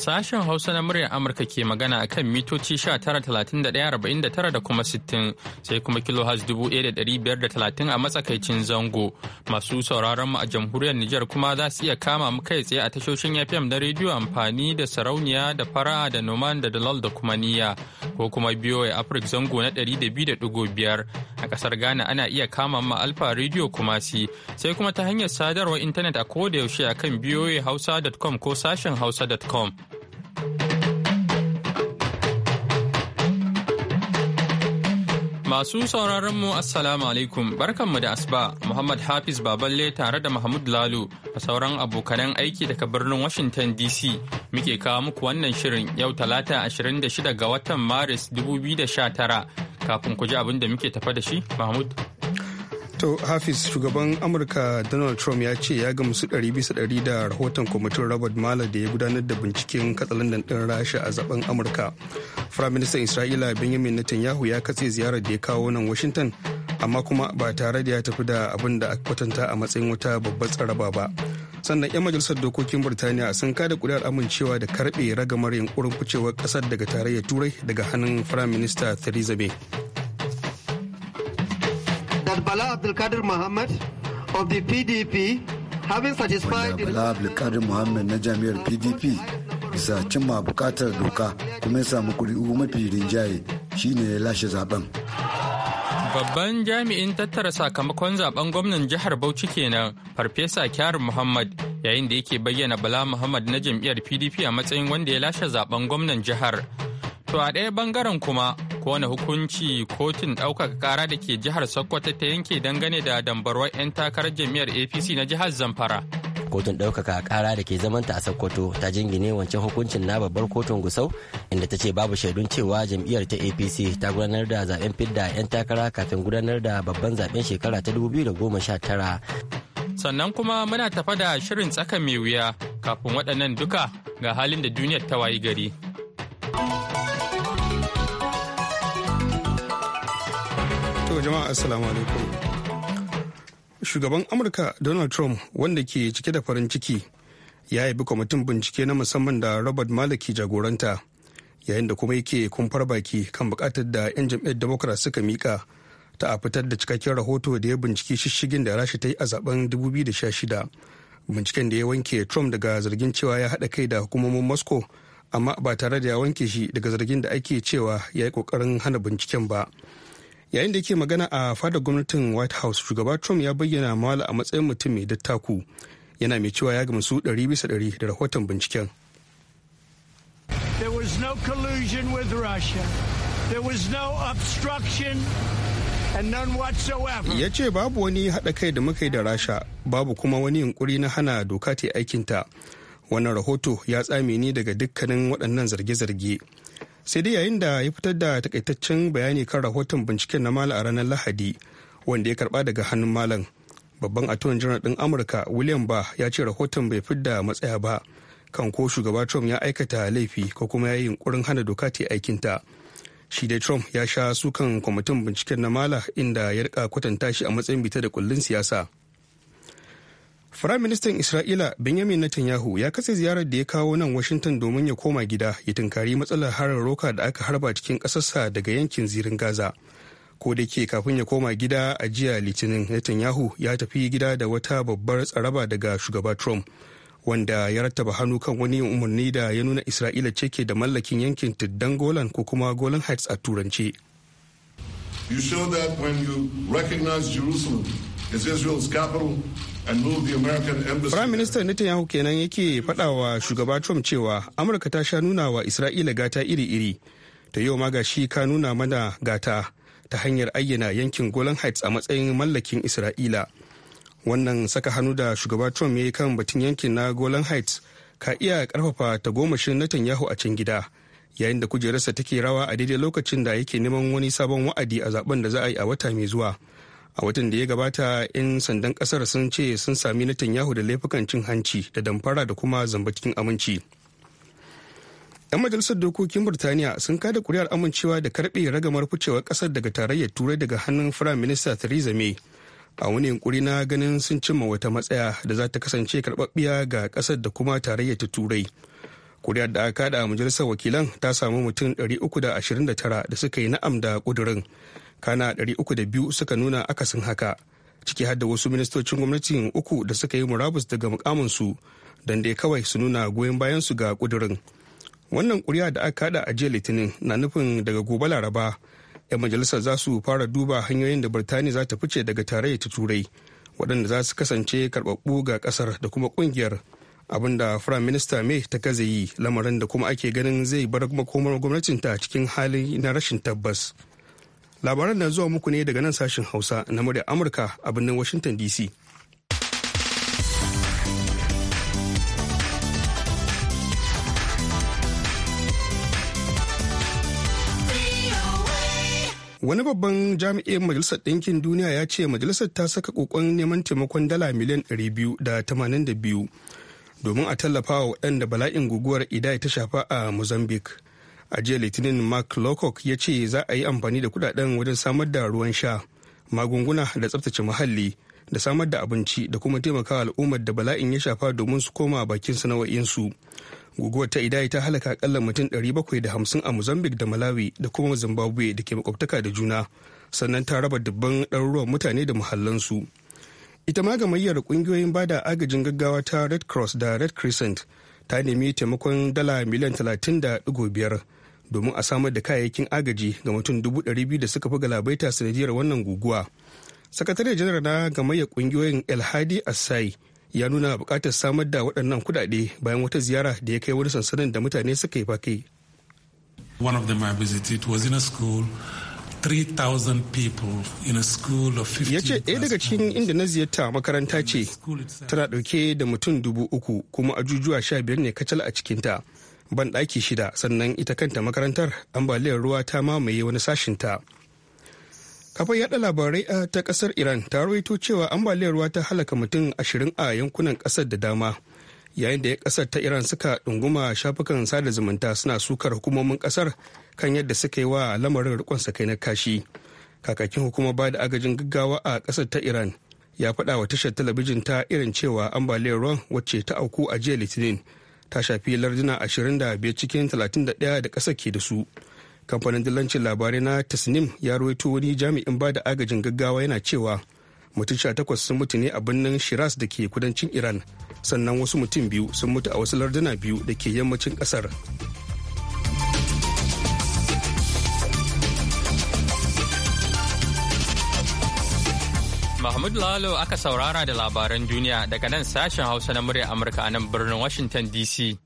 Sashen Hausa na muryar Amurka ke magana a kan mitoci 19,31,49 da kuma 60 sai kuma kilohaz 1,530 a matsakaicin zango. Masu sauraron mu a jamhuriyar Nijar kuma za su iya kama mu kai tsaye a tashoshin FM na rediyo amfani da sarauniya da fara'a da noman da dalal da kuma niyya ko kuma biyo ya Afrik zango na 200.5 a kasar Ghana ana iya kama mu Alfa rediyo kuma si sai kuma ta hanyar sadarwar intanet a kodayaushe yaushe a kan biyoyi hausa.com ko sashen hausa.com. Masu sauraronmu mu Assalamu alaikum barkanmu da asuba Muhammad Hafiz Baballe tare da Mahmud lalu a sauran abokanan aiki daga birnin Washington DC muke kawo muku wannan shirin yau talata 26 ga watan Maris 2019 kafin ku ji abin da muke tafa da shi Mahmud. To Hafiz shugaban Amurka Donald Trump ya ce ya gamsu ɗari bisa ɗari da rahoton kwamitin Robert Mueller da ya gudanar da binciken katsalandan din Rasha a zaben Amurka. Firaministan Isra'ila Benjamin Netanyahu ya katse ziyarar da ya kawo nan Washington amma kuma ba tare da ya tafi da abin da aka kwatanta a matsayin wata babbar tsaraba ba. Sannan 'yan majalisar dokokin Birtaniya sun kada kudar amincewa da karbe ragamar yankurin kucewar kasar daga tarayyar Turai daga hannun Firaminista Theresa May. that Bala Abdulkadir Muhammad of the PDP having satisfied the Bala Abdulkadir Muhammad na jami'ar PDP bisa cimma bukatar doka kuma ya samu kuri'u mafi rinjaye shine ya lashe zaben. Babban jami'in tattara sakamakon zaben gwamnan jihar Bauchi kenan Farfesa Kyar Muhammad yayin da yake bayyana Bala Muhammad na jam'iyyar PDP a matsayin wanda ya lashe zaben gwamnan jihar. To a ɗaya bangaren kuma kowane hukunci kotun ɗaukaka ƙara da ke jihar sokoto ta yanke dangane da dambarwar 'yan takarar jami'ar apc na jihar zamfara kotun ɗaukaka ƙara da ke zamanta a sokoto ta jingine wancan hukuncin na babbar kotun gusau inda ta ce babu shaidun cewa jam'iyyar ta apc ta gudanar da zaben fidda 'yan takara kafin gudanar da babban zaben shekara ta tara. sannan kuma muna tafa da shirin tsaka mai wuya kafin waɗannan duka ga halin da duniyar ta wayi gari. To jama'a assalamu alaikum. Shugaban Amurka Donald Trump wanda ke cike da farin ciki ya yabi kwamitin bincike na musamman da Robert Malaki jagoranta yayin da kuma yake kumfar baki kan bukatar da 'yan jam'iyyar Democrat suka mika ta a fitar da cikakken rahoto da ya binciki shishigin da rashi ta yi a zaben 2016 binciken da ya wanke Trump daga zargin cewa ya haɗa kai da hukumomin Moscow amma ba tare da ya wanke shi daga zargin da ake cewa ya yi kokarin hana binciken ba. yayin da yake magana a fadar gwamnatin white house shugaba trump ya bayyana mala a matsayin mutum mai dattaku yana mai cewa ya gamsu 100 bisa 100 da rahoton binciken There no collusion with Russia. There no obstruction and none Ya ce babu wani haɗa kai da muka yi da Rasha, babu kuma wani yunkuri na hana doka ta yi aikinta. Wannan rahoto ya tsame ni daga dukkanin waɗannan zarge-zarge. sai dai yayin da ya fitar da takaitaccen bayani kan rahoton binciken na malam a ranar lahadi wanda ya karba daga hannun malam babban atuwan janar din amurka william ba ya ce rahoton bai fi da matsaya ba kan ko shugaba trump ya aikata laifi ko kuma ya yi yunkurin hana doka ta aikinta shi dai trump ya sha sukan kwamitin binciken na mala inda ya rika kwatanta shi a matsayin bita da kullun siyasa Firaministan Isra'ila Benjamin Netanyahu ya katse ziyarar da ya kawo nan Washington domin ya koma gida ya tunkari matsalar harar roka da aka harba cikin ƙasarsa daga yankin zirin Gaza. Ko da ke kafin ya koma gida a jiya Litinin Netanyahu ya tafi gida da wata babbar tsaraba daga shugaba Trump wanda ya rattaba hannu kan wani umarni da ya nuna Isra'ila ce ke da mallakin yankin tiddan Golan ko kuma Golan Heights a turance. You show that when you recognize Jerusalem as Israel's capital Prime Minister Netanyahu kenan yake faɗa wa shugaba Trump cewa Amurka ta sha nuna wa Isra'ila gata iri-iri. Ta yau ma ga shi ka nuna mana gata ta hanyar ayyana yankin Golan Heights a matsayin mallakin Isra'ila. Wannan saka hannu da shugaba Trump ya yi kan batun yankin na Golan Heights ka iya karfafa tagomashin Netanyahu a can gida. yayin da kujerarsa take rawa a daidai lokacin da yake neman wani sabon wa'adi a zaben da za yi a wata mai zuwa. a watan da ya gabata 'yan sandan kasar sun ce sun sami Netanyahu da laifukan cin hanci da damfara da kuma zamba cikin aminci 'yan majalisar dokokin burtaniya sun kada kuri'ar amincewa da karbe ragamar ficewar kasar daga tarayyar turai daga hannun firayim minista theresa may a wani yankuri na ganin sun cimma wata matsaya da za ta kasance karbabbiya ga kasar da kuma tarayyar ta turai kuri'ar da aka kada a majalisar wakilan ta samu mutum 329 da suka yi na'am da kudurin kana 302 suka nuna akasin haka ciki har da wasu ministocin gwamnatin uku da suka yi murabus daga mukaminsu don dai kawai su nuna goyon bayan su ga kudirin wannan kuri'a da aka kada a jiya litinin na nufin daga gobe laraba 'yan majalisar za su fara duba hanyoyin da birtaniya za ta fice daga tarayyar ta turai waɗanda za su kasance karɓaɓɓu ga ƙasar da kuma ƙungiyar abinda firayim minista may ta kaza yi lamarin da kuma ake ganin zai bar makomar gwamnatinta cikin hali na rashin tabbas. labaran na zuwa muku ne daga nan sashen hausa na murya amurka a birnin washington dc wani babban jami'in majalisar ɗinkin duniya ya ce majalisar ta saka kokon neman taimakon dala miliyan 282 domin a tallafa wa waɗanda bala'in guguwar idai ta shafa a mozambique a jiya litinin mark lowcock ya ce za a yi amfani da kudaden wajen samar da ruwan sha magunguna da tsabtace muhalli da samar da abinci da kuma taimakawa al'ummar da bala'in ya shafa domin su koma bakin sana'o'insu guguwar ta idai ta halaka akalla mutum ɗari bakwai hamsin a mozambique da malawi da kuma zimbabwe da ke makwabtaka da juna sannan ta raba dubban ɗaruruwan mutane da muhallansu ita ma gamayyar kungiyoyin bada agajin gaggawa ta red cross da red crescent ta nemi taimakon dala miliyan 30.5 domin a samar da kayayyakin agaji ga mutum 200,000 da suka fi galabaita sanadiyar wannan guguwa. sakatare janar na gamayyar kungiyoyin alhadi asai ya nuna bukatar samar da waɗannan kudade bayan wata ziyara da ya kai wani sansanin da mutane suka yi fake. One of them I visited was Ya ce ɗaya daga cikin inda na ziyarta makaranta ce tana ɗauke da mutum dubu uku kuma ajujuwa sha biyar ne kacal a cikinta ban ɗaki shida sannan ita kanta makarantar ambaliyar ruwa ta mamaye wani sashinta. Kafar yaɗa labarai ta ƙasar Iran ta rawaito cewa ambaliyar ruwa ta halaka mutum ashirin a yankunan ƙasar da dama. Yayin da ya ƙasar ta Iran suka ɗunguma shafukan sada zumunta suna sukar hukumomin ƙasar kan yadda suka yi wa lamarin rikon sakai na kashi kakakin hukumar bada agajin gaggawa a ƙasar ta iran ya faɗa wa tashar talabijin ta irin cewa ambaliyar ruwan wacce ta auku a jiya litinin ta shafi larduna 25 cikin 31 da ƙasar ke da su kamfanin dillancin labarai na tasnim ya ruwaito wani jami'in bada agajin gaggawa yana cewa mutum sha takwas sun mutu ne a birnin shiras da ke kudancin iran sannan wasu mutum biyu sun mutu a wasu larduna biyu da ke yammacin ƙasar Mahmud Lalo aka saurara da labaran duniya daga nan sashen Hausa na murya Amurka a nan birnin Washington DC.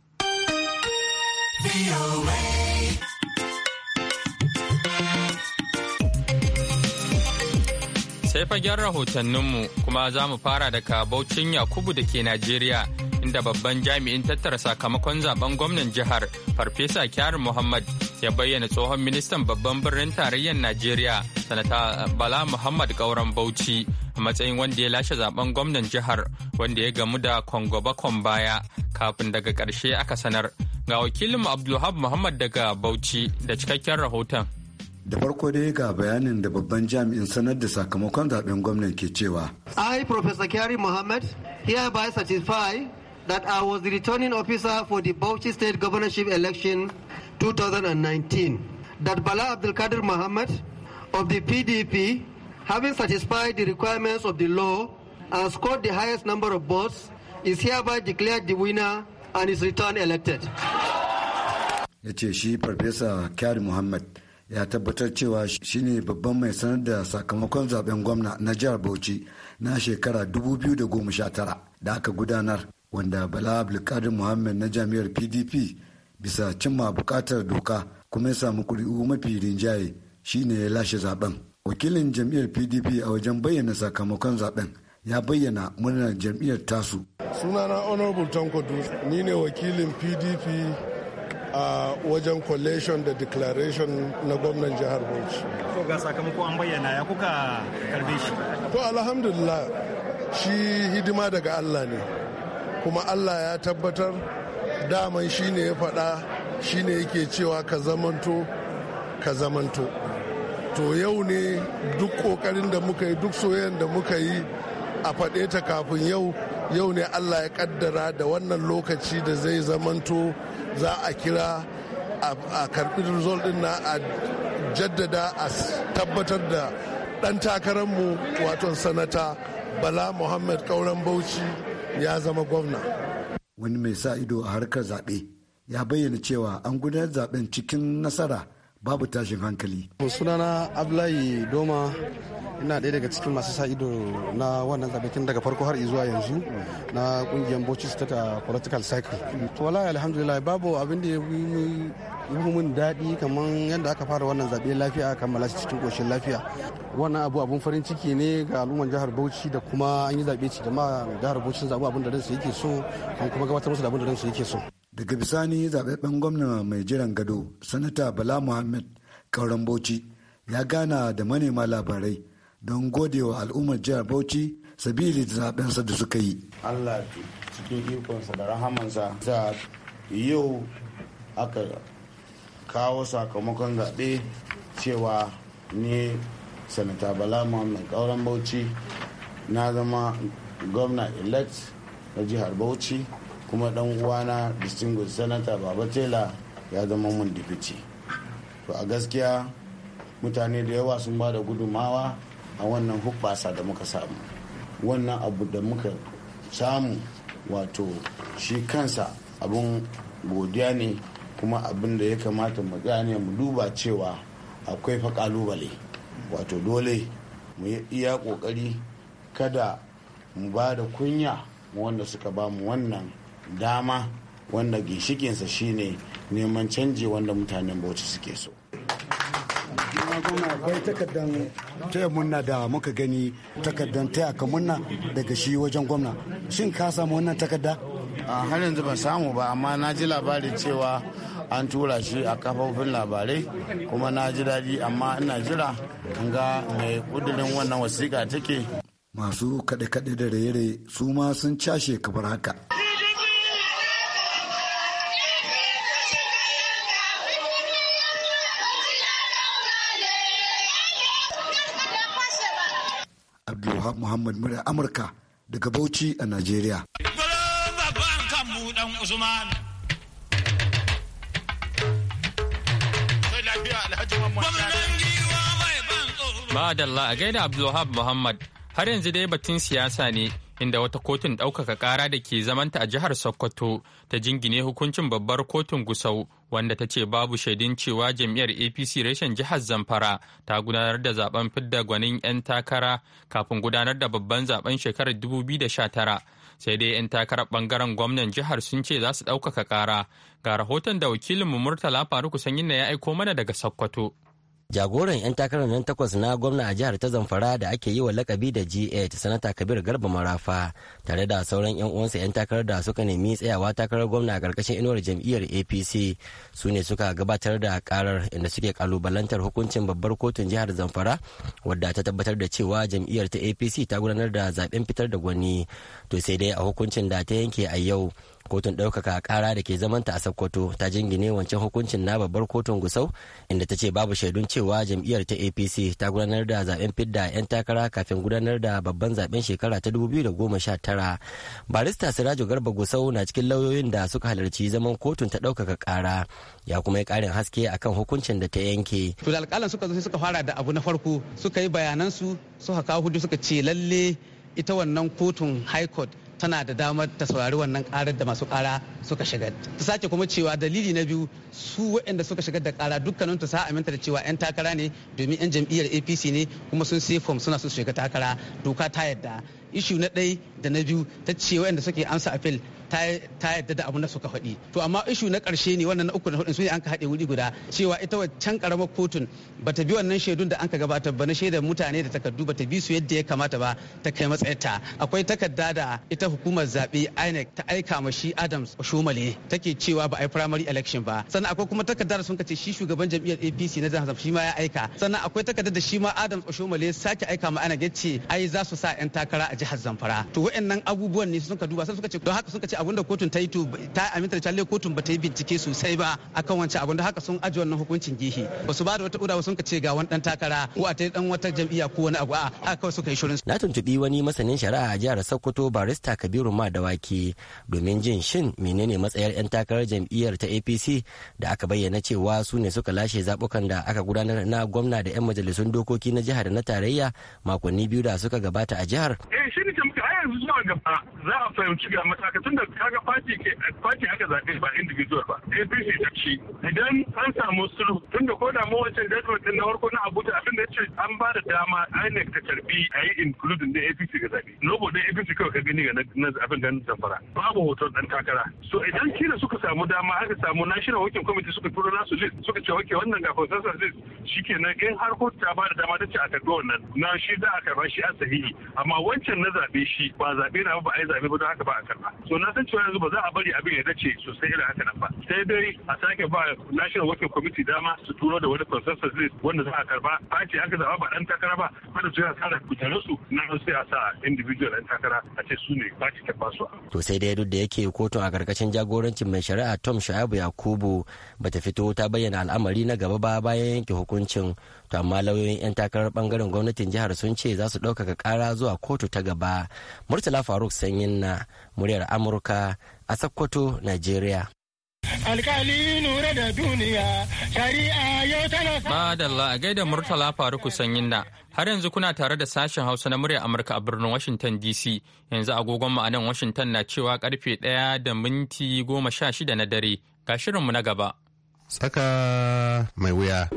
Sai fagen rahotanninmu kuma za mu fara daga Bauchin Yakubu da ke Najeriya. inda babban jami'in tattara sakamakon zaben gwamnan jihar farfesa kyar muhammad ya bayyana tsohon ministan babban birnin tarayyar najeriya sanata bala muhammad gauran bauchi a matsayin wanda ya lashe zaben gwamnan jihar wanda ya gamu da kwangobakon baya kafin daga karshe aka sanar ga wakilin abdulhab muhammad daga bauchi da cikakken rahoton da farko dai ga bayanin da babban jami'in sanar da sakamakon zaben gwamnan ke cewa i professor kyari muhammad hereby satisfy that I was the returning officer for the Bauchi State Governorship election 2019. That Bala Abdulkadir Muhammad of the PDP, having satisfied the requirements of the law and scored the highest number of votes, is hereby declared the winner and is returned elected. ya ce shi farfesa kyari muhammad ya tabbatar cewa shine babban mai sanar da sakamakon zaben gwamna na jihar bauchi na shekara 2019 da aka gudanar wanda bala abdulkadir muhammad na jami'ar pdp bisa cimma bukatar doka kuma ya samu kuri'u mafi rinjaye ne ya lashe zaben wakilin jam'iyyar pdp a wajen bayyana sakamakon zaben ya bayyana murnar jam'iyyar tasu sunana honorable tanko ni ne wakilin pdp a wajen collation da declaration na gwamnan jihar bauchi to ga sakamako an bayyana ya kuka karbe shi to alhamdulillah shi hidima daga allah ne kuma allah ya tabbatar daman shi ne ya faɗa shi ne yake cewa ka zamanto ka zamanto to yau ne duk ƙoƙarin da muka yi duk soyayyar da muka yi a faɗe ta kafin yau yau ne allah ya ƙaddara da wannan lokaci da zai zamanto za a kira a karɓi ɗin na a jaddada a tabbatar da ɗan mu wato sanata bala muhammad kauran bauchi ya zama gwamna wani mai sa ido a harkar zaɓe ya bayyana cewa an gudanar zaɓen cikin nasara babu tashin hankali. sunana ablayi doma ina ɗaya daga cikin masu sa ido na wannan zabekin daga farko har zuwa yanzu na ƙungiyar bocci state political cycle to wallahi alhamdulillah babu abin da ya yi mun daɗi kamar yadda aka fara wannan zaɓe lafiya kammala shi cikin ƙoshin lafiya wannan abu abun farin ciki ne ga al'umman jihar bauchi da kuma an yi zaɓe ci jama'a jihar bauchi sun zabi abin da ransu yake so kuma gabatar musu da abin da ransu yake so daga bisani zaɓaɓɓen gwamna mai jiran gado sanata bala muhammad kauran bauchi ya gana da manema labarai don godewa al'ummar jihar bauchi sabili da zaɓensa da suka yi allah cikin ikonsa da rahamansa ta yau aka kawo sakamakon zaɓe cewa ne sanata bala muhammad kauran bauchi na zama gwamna elect na jihar bauchi kuma dan uwana distinguished senator baba tela ya zama mun dipici to a gaskiya mutane da yawa sun ba da gudumawa a wannan hubbasa da muka samu wannan abu da muka samu wato shi kansa abun godiya ne kuma abin da ya kamata mu gane mu duba cewa akwai fa kalubale wato dole mu yi iya kokari kada mu ba da kunya wanda suka ba mu wannan dama wanda ginshikinsa shine neman canji wanda mutanen bauchi suke so akwai takardar taya munna da muka gani takardar taya ka munna daga shi wajen gwamna shin ka samu wannan takarda A har yanzu ban samu ba amma na ji labarin cewa an tura shi a kafofin labarai kuma na ji daɗi amma ina jira in ga mai ƙudirin wannan wasiƙa take masu kaɗe-kaɗe da raye-raye su ma sun cashe kamar haka Muhammad murya Amurka daga Bauchi a Najeriya. Ma'adalla a gaida Abdulwahab Muhammad har yanzu dai batun siyasa ne inda wata kotun ɗaukaka ƙara da ke zamanta a jihar Sokoto ta jingine hukuncin babbar kotun Gusau wanda ta ce babu shaidun cewa jam'iyyar APC reshen jihar Zamfara ta gudanar da zaben fidda gwanin 'yan takara kafin gudanar da babban zaben shekarar 2019. Sai dai 'yan takarar bangaren gwamnan jihar sun ce za su ɗaukaka ƙara. Ga rahoton da wakilinmu Murtala Faruku Sanyin ya aiko mana daga Sokoto. jagoran 'yan takarar nan takwas na gwamna a jihar ta zamfara da ake yi wa lakabi da ga sanata kabir garba marafa tare da sauran 'yan uwansa 'yan takarar da suka nemi tsayawa takarar gwamna a karkashin inuwar jam'iyyar apc su ne suka gabatar da karar inda suke kalubalantar hukuncin babbar kotun jihar zamfara wadda ta tabbatar da cewa jam'iyyar ta apc ta gudanar da zaben fitar da gwani to sai dai a hukuncin da ta yanke a yau kotun ɗaukaka ƙara da ke zamanta a sokoto ta jingine wancan hukuncin na babbar kotun gusau inda ta ce babu shaidun cewa jam'iyyar ta apc ta gudanar da zaben fidda 'yan takara kafin gudanar da babban zaben shekara ta 2019 barista siraju garba gusau na cikin lauyoyin da suka halarci zaman kotun ta ɗaukaka ƙara ya kuma yi ƙarin haske akan hukuncin da ta yanke. to da alƙalan suka zo suka fara da abu na farko suka yi bayanansu suka kawo hudu suka ce lalle ita wannan kotun high court tana da damar ta saurari wannan karar da masu kara suka shigar ta sake kuma cewa dalili na biyu su waɗanda suka shigar da kara dukkanin ta sa aminta da cewa 'yan takara ne domin 'yan jam'iyyar apc ne kuma sun sai fom suna sun shiga takara doka ta yadda ishu na ɗaya da na biyu ta ce waɗanda suke amsa apel ta yadda da abin da suka faɗi to amma ishu na ƙarshe ne wannan na uku na hudun su ne an ka haɗe wuri guda cewa ita wancan ƙaramar kotun ba ta bi wannan shaidun da an ka gabatar ba na shaidar mutane da takardu ta bi su yadda ya kamata ba ta kai matsayarta akwai takarda da ita hukumar zaɓe INEC ta aika ma shi Adams shomale take cewa ba a yi primary election ba sannan akwai kuma da sun kace shi shugaban jam'iyyar APC na jihar shi ma ya aika sannan akwai takarda da shi ma Adams Shumale sake aika ma INEC ce ai za su sa 'yan takara a jihar Zamfara to wa'annan abubuwan ne ka duba sai suka ce don haka suka ce abinda kotun ta yi ta aminta da kotun ba ta yi bincike sosai ba akan wancan abin haka sun aji wannan hukuncin gehe ba su ba da wata ba sun ka ce ga wani dan takara ko a ta dan wata jam'iyya ko wani abu a haka kawai suka yi shirin na tuntubi wani masanin shari'a a jihar Sokoto barista Kabiru Madawaki domin jin shin menene matsayar 'yan takarar jam'iyyar ta APC da aka bayyana cewa su ne suka lashe zabukan da aka gudanar na gwamna da 'yan majalisun dokoki na jihar da na tarayya makonni biyu da suka gabata a jihar. Eh shi ne yanzu zuwa gaba za a fahimci ga matakatun da kaga party ke party aka zaɓe ba individual ba APC ta ci idan an samu sulhu tunda ko da mu wancan judgment din na farko na Abuja abin da yace an ba da dama INEC ta karbi ayi including da APC ga zaɓe lobo da APC kawai ka gani ga na abin da zamfara babu hoton dan takara so idan kila suka samu dama aka samu national working committee suka turo nasu list suka ce wake wannan ga consensus list shikenan in har ko ta ba da dama ta ce a karbi wannan na shi za a karba shi a sahihi amma wancan na zaɓe shi ba zaɓe na ba a yi zaɓe ba don haka ba a karba so na san cewa yanzu ba za a bari abin ya dace sosai irin haka nan ba sai dai a sake ba national working committee dama su turo da wani consensus list wanda za a karba party aka zaba ba dan takara ba kada su yana tsara kujerar su na sai a sa individual dan takara a ce su ne party ta basu to sai dai duk da yake kotun a karkashin jagorancin mai shari'a Tom Shaibu Yakubu bata fito ta bayyana al'amari na gaba ba bayan yanke hukuncin to amma lauyoyin 'yan takarar bangaren gwamnatin jihar sun ce za su ɗaukaka kara zuwa kotu ta gaba murtala faruk sanyin na muryar amurka a sokoto najeriya alkali da duniya shari'a madalla a gaida murtala faruku sanyin da har yanzu kuna tare da sashen hausa na muryar amurka a birnin washington dc yanzu agogon mu a nan washington na cewa karfe ɗaya da minti goma sha shida na dare ga shirinmu na gaba tsaka mai wuya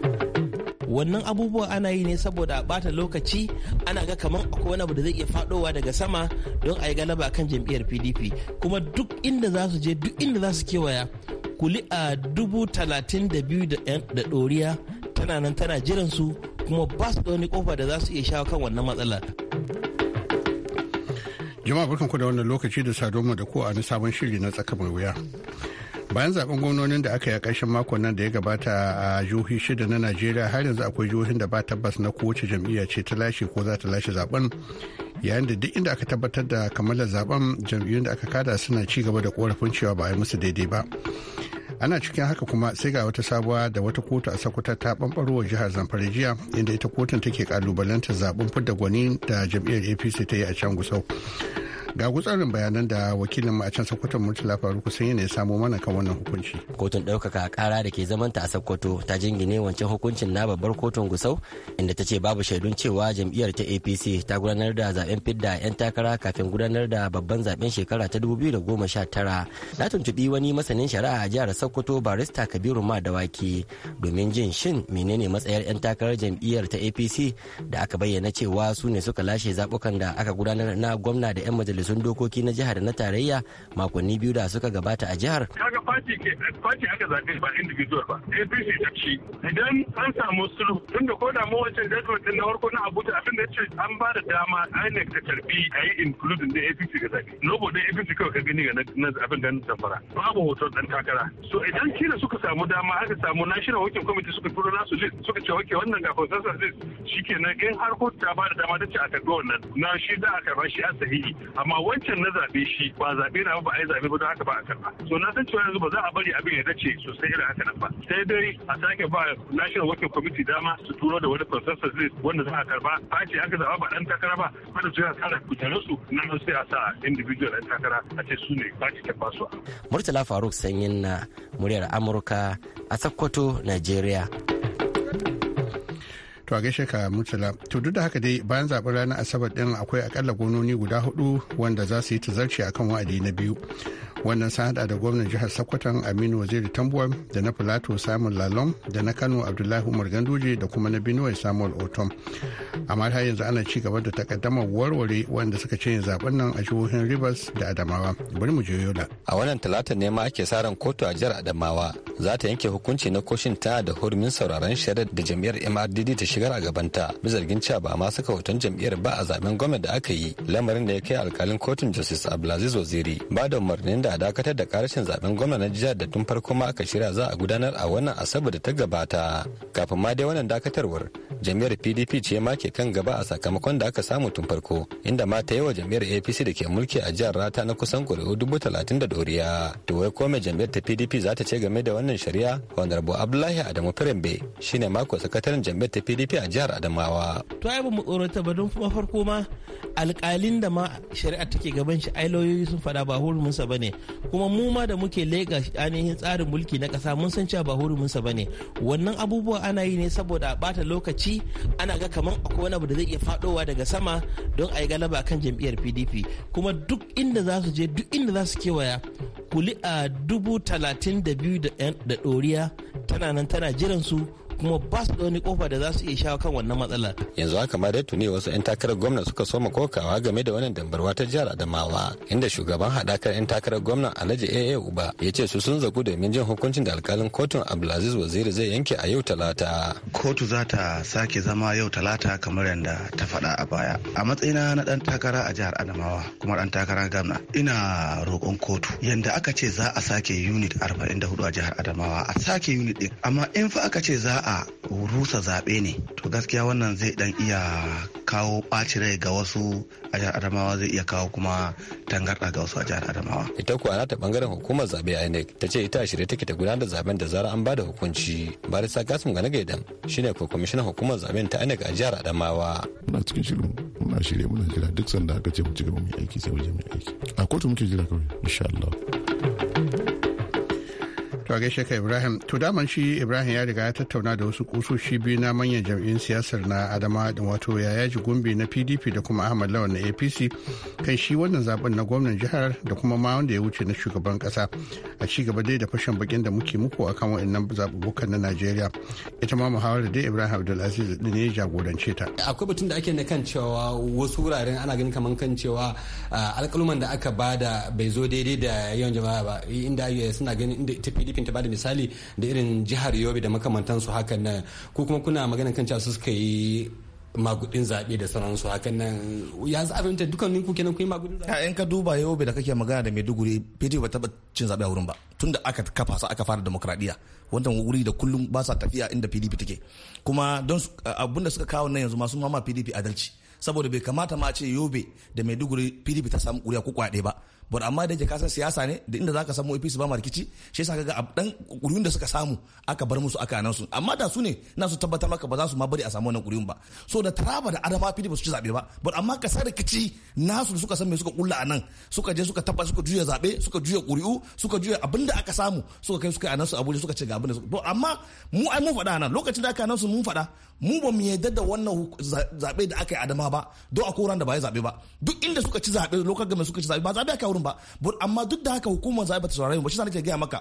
wannan abubuwa ana yi ne saboda a bata lokaci ana ga kamar akwai wani abu da zai iya fadowa daga sama don a yi galaba kan jam'iyyar pdp kuma duk inda za su je duk inda za su kewaya kuli a dubu talatin da biyu da ɗoriya tana nan tana jiran su kuma ba su da wani kofa da za su iya shawo kan wannan matsalar jama'a barkanku da wannan lokaci da sadoma da ko a sabon shiri na tsaka mai wuya bayan zaben gwamnonin da aka yi a ƙarshen makon nan da ya gabata a jihohi shida na najeriya har yanzu akwai jihohin da ba tabbas na kowace jam'iyya ce ta lashe ko za ta lashe zaben yayin da duk inda aka tabbatar da kammalar zaben jam'iyyun da aka kada suna ci gaba da korafin cewa ba a yi musu daidai ba ana cikin haka kuma sai ga wata sabuwa da wata kotu a sakwata ta wa jihar zamfara jiya inda ita kotun take kalubalantar zaben fidda gwani da jam'iyyar apc ta yi a can gusau ga gutsarin bayanan da wakilin a can sokoton murtala faruku sun yana ya samo mana kan wannan hukunci kotun ɗaukaka ƙara da ke zamanta a sokoto ta jingine wancan hukuncin na babbar kotun gusau inda ta ce babu shaidun cewa jam'iyyar ta apc ta gudanar da zaben fidda 'yan takara kafin gudanar da babban zaben shekara ta da goma sha tara na tuntuɓi wani masanin shari'a a jihar sokoto barista kabiru ma dawaki domin jin shin menene matsayar 'yan takarar jam'iyyar ta apc da aka bayyana cewa su ne suka lashe zaɓukan da aka gudanar na gwamna da 'yan majalisar majalisun dokoki na jihar na tarayya makonni biyu da suka gabata a jihar. Kaga fati ke fati aka zaɓe ba individual ba APC ta ci idan an samu sulhu tunda ko da mu wancan judgment din na farko na Abuja abin da ce an ba da dama INEC ta karbi ayi including da APC ga zaɓe. Nobo da APC kawai ka gani ga na abin ganin fara. babu hoton dan takara. So idan kila suka samu dama aka samu National Working Committee suka turo nasu list suka ce wake wannan ga consensus list shikenan in har kotu ta ba da dama ta ce a karbi wannan na shi da a karba shi a sahihi amma wancan na zaɓe shi ba zaɓe na ba a yi zaɓe ba don haka ba a karɓa so na san cewa yanzu ba za a bari abin ya dace sosai irin haka nan ba sai dai a sake ba national working committee dama su turo da wani consensus list wanda za a karɓa a ce aka zaɓa ba ɗan takara ba da su yi asara kujerun su na nan sai a sa individual ɗan takara a ce su ne ba ta su. Murtala Faruk Sanyin na muryar Amurka a Sokoto, Najeriya. to a gaishe ka mutula to duk da haka dai bayan zaɓen ranar asabar din akwai akalla gononi guda hudu wanda za su yi tazarci akan wa'adi na biyu wannan sun hada da gwamnan jihar sokoton aminu waziri tambuwa da na filato samun lalong da na kano abdullahi umar ganduje da kuma na benue samuel otom amma har yanzu ana ci gaba da takaddamar warware wanda suka ce zaben nan a jihohin rivers da adamawa bari mu je yola a wannan talata ne ma ake sa ran kotu a jihar adamawa za ta yanke hukunci na koshin ta da hurumin sauraron shari'ar da jam'iyyar mrdd ta shigar a gabanta zargin cewa ba ma suka hoton jam'iyyar ba a zaben gwamnati da aka yi lamarin da ya kai alkalin kotun justice abdulaziz waziri ba da umarnin da a dakatar da karashin zaben gwamnati na jihar da tun farko ma aka shirya za a gudanar a wannan asabar da ta gabata kafin ma dai wannan dakatarwar jam'iyyar pdp ce ma ke kan gaba a sakamakon da aka samu tun farko inda ma ta yi wa jam'iyyar apc da ke mulki a jihar rata na kusan kuri'u dubu talatin da doriya to wai ko mai jam'iyyar ta pdp za ta ce game da wannan fannin shari'a honorable abdullahi adamu firimbe shine mako sakataren jami'ar ta pdp a jihar adamawa to ai ba tsorata ba don kuma farko ma alƙalin da ma shari'a take gaban shi ai lauyoyi sun faɗa ba hurumunsa ba ne kuma mu ma da muke lega ainihin tsarin mulki na ƙasa mun san cewa ba hurumunsa ba ne wannan abubuwa ana yi ne saboda a ɓata lokaci ana ga kamar akwai wani abu da zai iya faɗowa daga sama don a yi galaba kan jam'iyyar pdp kuma duk inda za su je duk inda za su kewaya kuli a dubu talatin da biyu da yan da ɗoriya tana nan tana jiran su kuma ba su da wani kofa da za su iya shawo kan wannan matsalar. Yanzu haka ma dai tuni wasu 'yan takarar gwamna suka soma kokawa game da wannan dambarwa ta jihar Adamawa inda shugaban haɗakar 'yan takarar gwamna Alhaji AA Uba ya ce su sun zagu domin jin hukuncin da alkalin kotun Abdulaziz Waziri zai yanke a yau Talata. Kotu za ta sake zama yau Talata kamar yadda ta faɗa a baya. A matsayina na ɗan takara a jihar Adamawa kuma ɗan takara gwamna ina roƙon kotu yadda aka ce za a sake unit 44 a jihar Adamawa a sake unit ɗin amma in fa aka ce za a rusa zaɓe ne to gaskiya wannan zai dan iya kawo ɓaci rai ga wasu a jihar adamawa zai iya kawo kuma tangarɗa ga wasu a jihar adamawa ita kuwa ta bangaren hukumar zaɓe inec ta ce ita a shirye take ta gudanar da zaben da zara an bada hukunci barista kasim gane idan shine ko kwamishinan hukumar zaben ta inec a jihar adamawa muna cikin shiru muna shirye muna jira duk sanda aka ce mu ci gaba mu aiki sai mu je mu aiki a kotu muke jira kawai insha Allah to a gaishe ka ibrahim to daman shi ibrahim ya riga ya tattauna da wasu kusoshi biyu na manyan jam'in siyasar na adama din wato ya yaji gumbi na pdp da kuma ahmad lawan na apc kan shi wannan zaben na gwamnan jihar da kuma ma wanda ya wuce na shugaban kasa a ci gaba dai da fashin bakin da muke muku akan wa'annan zaɓuɓɓukan na najeriya ita ma muhawarar dai ibrahim abdulaziz din ne jagorance ta akwai batun da ake na kan cewa wasu wuraren ana ganin kamar kan cewa ah, alƙaluman da aka bada bai zo daidai da yawan jama'a ba inda suna ganin inda ita pdp cikin ta bada misali da irin jihar yobe da makamantansu hakan nan ko kuma kuna magana kan cewa su suka yi magudin zaɓe da sauransu hakan nan ya zaɓe ta dukkanin kuke kenan kun yi magudin zaɓe. ya'yan ka duba yobe da kake magana da maiduguri pdp ba taɓa cin zaɓe a wurin ba tun da aka kafa su aka fara demokradiyya wannan wuri da kullum ba sa tafiya inda pdp take kuma don abun da suka kawo nan yanzu masu mama pdp adalci saboda bai kamata ma a ce yobe da maiduguri pdp ta samu kuriya ko kwaɗe ba but amma da yake san siyasa ne da inda zaka samu APC ba markici shi yasa kaga dan kuriyun da suka samu aka bar musu aka nan su amma da su ne na su tabbatar maka ba za su ma bari a samu wannan kuriyun ba so da taraba da adama pdp su ci zabe ba but amma ka kasa rikici nasu da suka san me suka kulla a nan suka je suka tabbata suka juya zabe suka juya kuriyu suka juya abinda aka samu suka kai suka su abuja suka ce ga abinda suka amma mu ai mun faɗa nan lokacin da aka su mun faɗa mu ba mu yarda da wannan zabe da aka yi adama ba don a koran da ba ya zabe ba duk inda suka ci zabe lokacin da suka ci zabe ba zabe aka gurin ba amma duk da haka hukumar zaɓe ba ta saurare mu ba shi sa gaya maka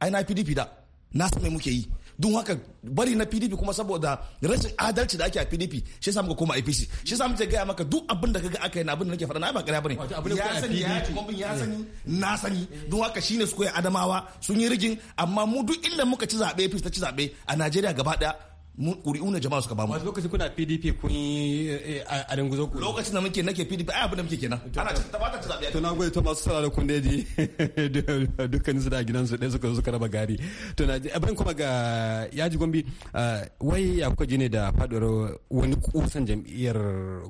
ai na PDP da na san me muke yi dun haka bari na pdp kuma saboda rashin adalci da ake a pdp shi sa muka koma apc shi sa muke gaya maka duk abin da kaga aka yi na abin da nake faɗa na ba ƙarya bane ya sani ya kuma ya sani na sani dun haka shine su koyi adamawa sun yi rigin amma mu duk inda muka ci zabe apc ta ci zabe a najeriya gaba daya ƙuri'u una jama'a suka bamu wasu lokacin kuna PDP kun yi eh, eh, a danguzo ku lokacin da muke nake PDP ai abin da muke kenan ana ci ta bata zabe to na gode to masu sauraro kun daji dukkanin su da gidan su dai suka suka raba gari to na abin kuma ga yaji gombi ah, wai ya kuka ji ne da faduwar wani kusan jam'iyyar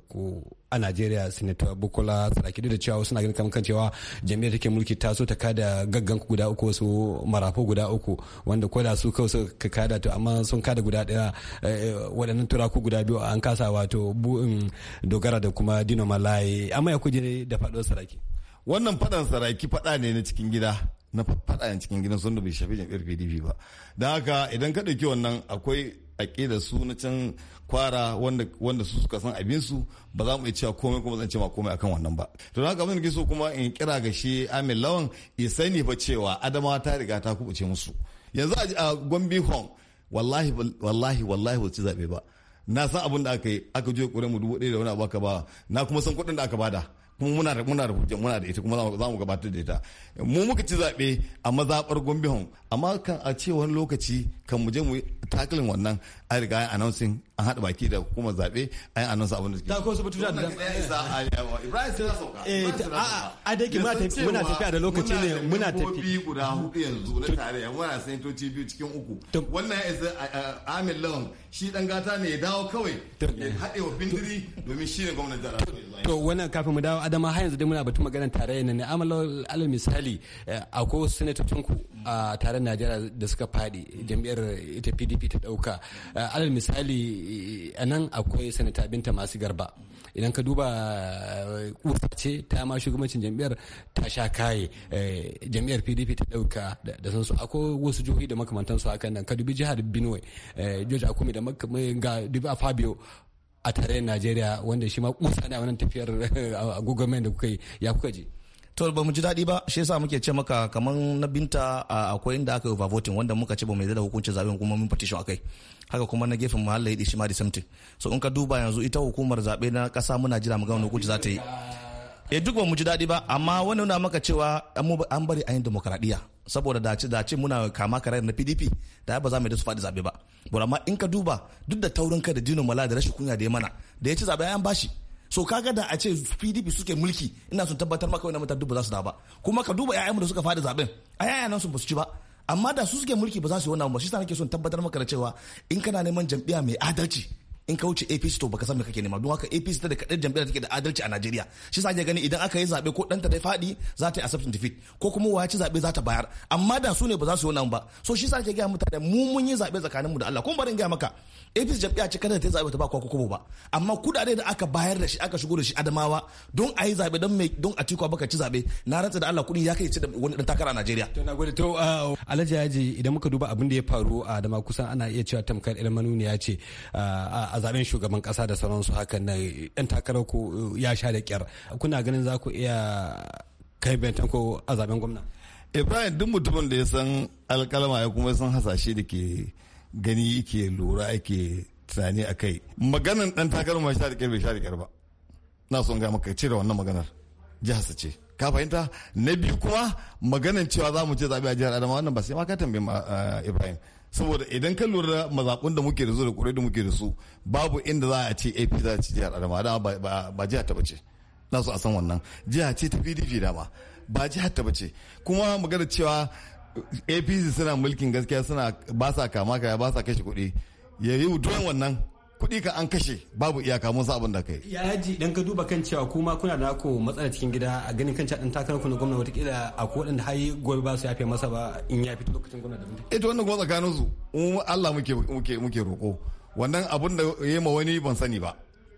ku a Najeriya Senator Bukola Saraki da cewa suna ganin kamar cewa jami'ar take mulki ta so ta kada gaggan guda uku wasu marafo guda uku wanda ko da su kawai suka kada to amma sun kada guda daya eh, waɗannan turaku guda biyu an kasa wato bu'in dogara da kuma Dino Malai amma ya kujere da faɗo Saraki wannan faɗan Saraki faɗa ne na cikin gida na faɗa cikin gidan sun da bai shafi jami'ar PDP ba dan haka idan ka dauki wannan akwai da su na can kwara wanda su suka san abin su ba za mu iya cewa komai kuma zan ce ma komai akan wannan ba to haka abin da so kuma in kira ga shi Amin Lawan ya sani fa cewa adama ta riga ta kubuce musu yanzu a Gombe home wallahi wallahi wallahi ba zabe ba na san abin da aka yi aka je ƙure mu dubu ɗaya da wani abu aka ba na kuma san kuɗin da aka bada kuma muna da muna da muna da ita kuma za mu gabatar da ita mu muka ci zaɓe a mazaɓar gombe hon amma kan a ce wani lokaci kan mu je mu taklin wannan a riga announcing an haɗa baki da hukumar zaɓe a yi annonsa abin da suke. Ta ko su batu da dan. Ibrahim sai na eh, A'a a da ke muna tafiya da lokaci ne muna tafi. Muna guda hudu yanzu na tare yan wani sanatoci biyu cikin uku. Wannan ya isa Amin Lawan shi ɗan gata ne ya dawo kawai ya haɗe wa bindiri domin shi ne gwamnati da To wannan kafin mu dawo Adama har yanzu dai muna batun maganar tarayya ne. Amin Lawan misali eh, akwai wasu sanatocin ku a taron Najeriya da suka faɗi jam'iyyar ita PDP ta ɗauka. Eh, alal misali a nan akwai sanata binta masu garba idan ka duba kusa eh, ce ta ma shugabancin jam'iyyar ta sha kaye eh, jam'iyyar pdp ta dauka da sansu akwai wasu jihohi da makamantansu hakan nan ka dubi jihar benue eh, george akumi da ga dubi a fabio a tarayyar najeriya wanda shi ma kusa ne a wannan tafiyar a da kuka yi ya kuka je to ba mu ji daɗi ba shi yasa muke ce maka kamar na binta akwai inda aka yi voting wanda muka ce ba mu da hukuncin zaɓen kuma mun petition akai haka kuma na gefen muhalli da shi ma da samtin so in ka duba yanzu ita hukumar zaɓe na ƙasa muna jira mu ga wani hukunci za ta yi e duk ba mu ji daɗi ba amma wani na maka cewa an bari a yin demokaradiyya saboda dace dace muna kama karar na pdp da ba za mu yi da su faɗi zaɓe ba amma in ka duba duk da taurin kai da dino mala da rashin kunya da ya mana da ya ci zabe an bashi so kaga da a ce pdp suke mulki ina sun tabbatar maka wani mutane ba za su da ba kuma ka duba mu da suka fada zaben a nan su ba su ci ba amma da su suke mulki ba za su yi wannan ba shi sa nake son tabbatar maka da cewa in kana neman jam'iyya mai adalci in ka wuce apc to baka san me kake nema don haka apc ta da kadar jam'iyyar take da adalci a najeriya shi sa gani idan aka yi zabe ko ɗanta da fadi za ta yi accepting defeat ko kuma wa ci zabe za ta bayar amma da su ne ba za su yi wannan ba so shi sa ke gaya mutane mu mun yi zabe tsakanin mu da Allah bari in gaya maka apc jam'iyya ce kada ta zaɓe ta ba kwa kokobo ba amma kudade da aka bayar da shi aka shigo da shi adamawa don a yi zaɓe don mai don a ci baka ci zaɓe na rantsa da allah kuɗi ya kai ci da wani dan takara a najeriya. to na gode to uh, alhaji haji idan muka duba abin da ya faru a adama kusan ana iya cewa tamkar irin ya ce uh, a zaben shugaban kasa da sauransu hakan na dan takarar ku uh, ya sha da kyar kuna ganin za ku iya kai bentan ko a zaben gwamna. ibrahim eh, duk mutumin da ya san alkalama ya kuma san hasashe da ke gani yake lura ake tunani a kai maganan dan takarar ma sha da kyar bai sha da kyar ba na son ga maka cire wannan maganar jihar ce ka fahimta na biyu kuma maganan cewa za mu ce zaɓe a jihar adama wannan ba sai ma ka tambayi ibrahim saboda idan ka lura mazaɓun da muke da su da ƙure da muke da su babu inda za a ce ap za a ci jihar adama dama ba jihar ta bace na so a san wannan jiha ce ta pdp dama ba jihar ta bace kuma magana cewa apc suna mulkin gaskiya suna ba sa kama kaya ba sa kashe kuɗi ya yi wutuwan wannan kuɗi ka an kashe babu iyaka musu abin da kai ya haji dan ka duba kan cewa kuma kuna da ko matsala cikin gida a ganin kan dan takarar ku na gwamna watakila a ko waɗanda hayi gobe ba su yafe masa ba in ya fito lokacin gwamnati. da mutum ita eh, wannan kuma tsakanin su Allah muke muke muke roko wannan abun da ya ma wani ban sani ba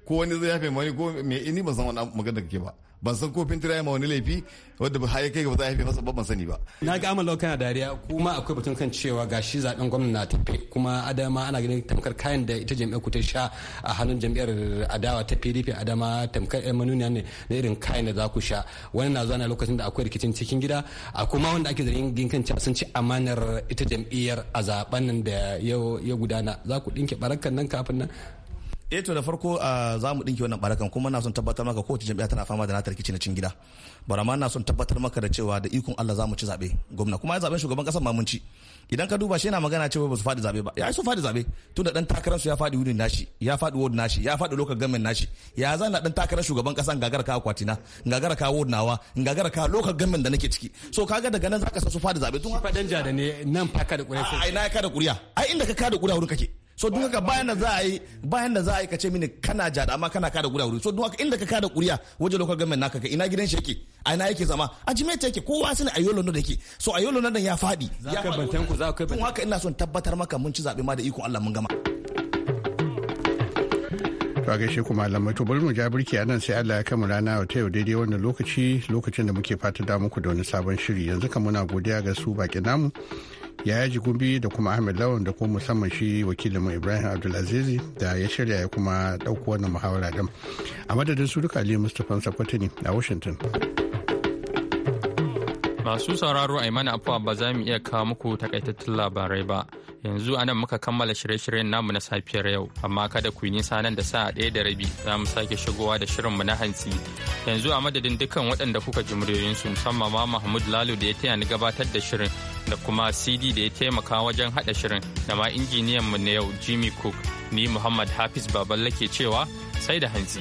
ko wani zai yafe wani ko me ni ban san wannan magana da kake ba ban san kofin tira ma wani laifi wadda ba ya kai ga za a ban sani ba na ga amalau kana dariya kuma akwai batun kan cewa gashi zaben gwamnati na tafe kuma adama ana ganin tamkar kayan da ita jam'iyyar ku ta sha a hannun jam'iyyar adawa ta PDP adama tamkar yan manuniya ne na irin kayan da za ku sha wani na zuwa lokacin da akwai rikicin cikin gida a kuma wanda ake zargin ginkan cewa sun ci amanar ita jam'iyyar a zaben nan da ya gudana za ku dinke barakan nan kafin nan eh to da farko ah, za mu dinki wannan barakan kuma na son tabbatar maka kowace jam'iyya tana fama da nata kici na cin gida bara ma na son tabbatar maka da cewa da ikon Allah za mu ci zabe gwamna kuma ya zaben shugaban kasar ma mun ci idan ka duba shi yana magana cewa ba su fadi zabe ba ya su fadi zabe tun da dan takarar su ya fadi wurin nashi ya fadi ward nashi ya fadi local government nashi ya zana dan takarar shugaban kasan gagara ka na? gagara ka ward nawa gagara ka local government da nake ciki so kaga daga nan zaka san su fadi zabe tun fadan ja da ne nan fa ka da kuriya ai na ka da kuriya ai inda ka ka da kuriya wurin kake so duk haka bayan da za a yi bayan da za a yi kace mini kana da amma kana kada guda wuri so duk haka inda ka kada kuriya waje local government naka ka ina gidan shi yake a ina yake zama a jime ta yake kowa sani a yolo da yake so a yolo nan ya fadi ya ka bantan ku za ka bantan haka ina son tabbatar maka mun ci zabe ma da iko Allah mun gama to shi kuma malamai to bari mu ja birki a nan sai Allah ya kama rana ta yau daidai wannan lokaci lokacin da muke fata da muku da wani sabon shiri yanzu kan muna godiya ga su baki namu yayaji jigumbi da kuma ahmed lawan da kuma musamman shi wakilin mu ibrahim abdulazizi da ya shirya ya kuma ɗauko wannan muhawara din a madadin su duka ali mustapha ne a washington masu sauraro a mana afuwa ba za mu iya kawo muku takaitattun labarai ba yanzu anan muka kammala shirye-shiryen namu na safiyar yau amma kada ku yi nisa nan da sa'a ɗaya da rabi za mu sake shigowa da shirinmu na hantsi yanzu a madadin dukkan waɗanda kuka ji su musamman ma mahmud lalo da ya taya ni gabatar da shirin da kuma cd da ya taimaka wajen haɗa shirin da ma injiniyan mu na yau jimmy cook ni muhammad hafiz baballe ke cewa sai da hantsi.